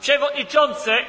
Przewodniczący!